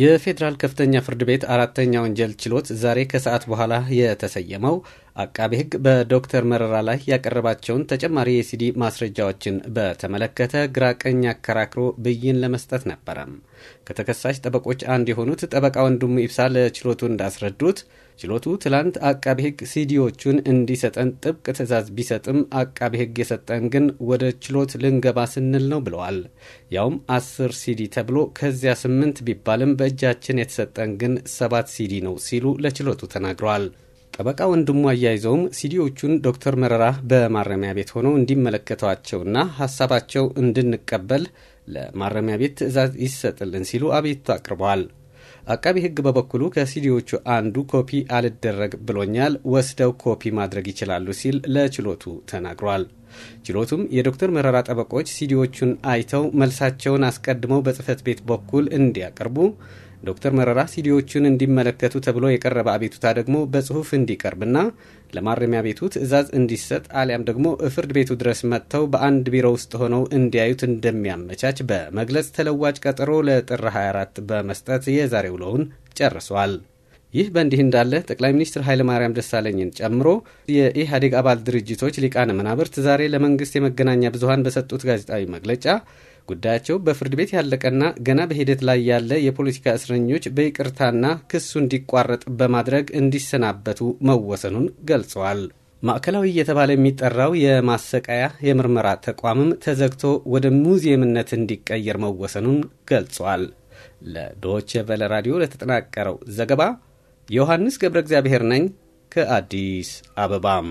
የፌዴራል ከፍተኛ ፍርድ ቤት አራተኛ ወንጀል ችሎት ዛሬ ከሰዓት በኋላ የተሰየመው አቃቤ ሕግ በዶክተር መረራ ላይ ያቀረባቸውን ተጨማሪ የሲዲ ማስረጃዎችን በተመለከተ ግራቀኝ አከራክሮ ብይን ለመስጠት ነበረም። ከተከሳሽ ጠበቆች አንድ የሆኑት ጠበቃ ወንድሙ ኢብሳ ለችሎቱ እንዳስረዱት ችሎቱ ትላንት አቃቤ ሕግ ሲዲዎቹን እንዲሰጠን ጥብቅ ትዕዛዝ ቢሰጥም አቃቤ ሕግ የሰጠን ግን ወደ ችሎት ልንገባ ስንል ነው ብለዋል። ያውም አስር ሲዲ ተብሎ ከዚያ ስምንት ቢባልም በእጃችን የተሰጠን ግን ሰባት ሲዲ ነው ሲሉ ለችሎቱ ተናግረዋል። ጠበቃ ወንድሙ አያይዘውም ሲዲዎቹን ዶክተር መረራ በማረሚያ ቤት ሆነው እንዲመለከቷቸውና ሀሳባቸው እንድንቀበል ለማረሚያ ቤት ትዕዛዝ ይሰጥልን ሲሉ አቤቱታ አቅርበዋል። አቃቢ ህግ በበኩሉ ከሲዲዎቹ አንዱ ኮፒ አልደረግ ብሎኛል፣ ወስደው ኮፒ ማድረግ ይችላሉ ሲል ለችሎቱ ተናግሯል። ችሎቱም የዶክተር መረራ ጠበቆች ሲዲዎቹን አይተው መልሳቸውን አስቀድመው በጽህፈት ቤት በኩል እንዲያቀርቡ ዶክተር መረራ ሲዲዎቹን እንዲመለከቱ ተብሎ የቀረበ አቤቱታ ደግሞ በጽሁፍ እንዲቀርብና ለማረሚያ ቤቱ ትዕዛዝ እንዲሰጥ አሊያም ደግሞ ፍርድ ቤቱ ድረስ መጥተው በአንድ ቢሮ ውስጥ ሆነው እንዲያዩት እንደሚያመቻች በመግለጽ ተለዋጭ ቀጠሮ ለጥር 24 በመስጠት የዛሬ ውሎውን ጨርሷል። ይህ በእንዲህ እንዳለ ጠቅላይ ሚኒስትር ኃይለማርያም ደሳለኝን ጨምሮ የኢህአዴግ አባል ድርጅቶች ሊቃነ መናብርት ዛሬ ለመንግስት የመገናኛ ብዙሀን በሰጡት ጋዜጣዊ መግለጫ ጉዳያቸው በፍርድ ቤት ያለቀና ገና በሂደት ላይ ያለ የፖለቲካ እስረኞች በይቅርታና ክሱ እንዲቋረጥ በማድረግ እንዲሰናበቱ መወሰኑን ገልጸዋል። ማዕከላዊ እየተባለ የሚጠራው የማሰቃያ የምርመራ ተቋምም ተዘግቶ ወደ ሙዚየምነት እንዲቀየር መወሰኑን ገልጿል። ለዶች ቬለ ራዲዮ ለተጠናቀረው ዘገባ ዮሐንስ ገብረ እግዚአብሔር ነኝ ከአዲስ አበባም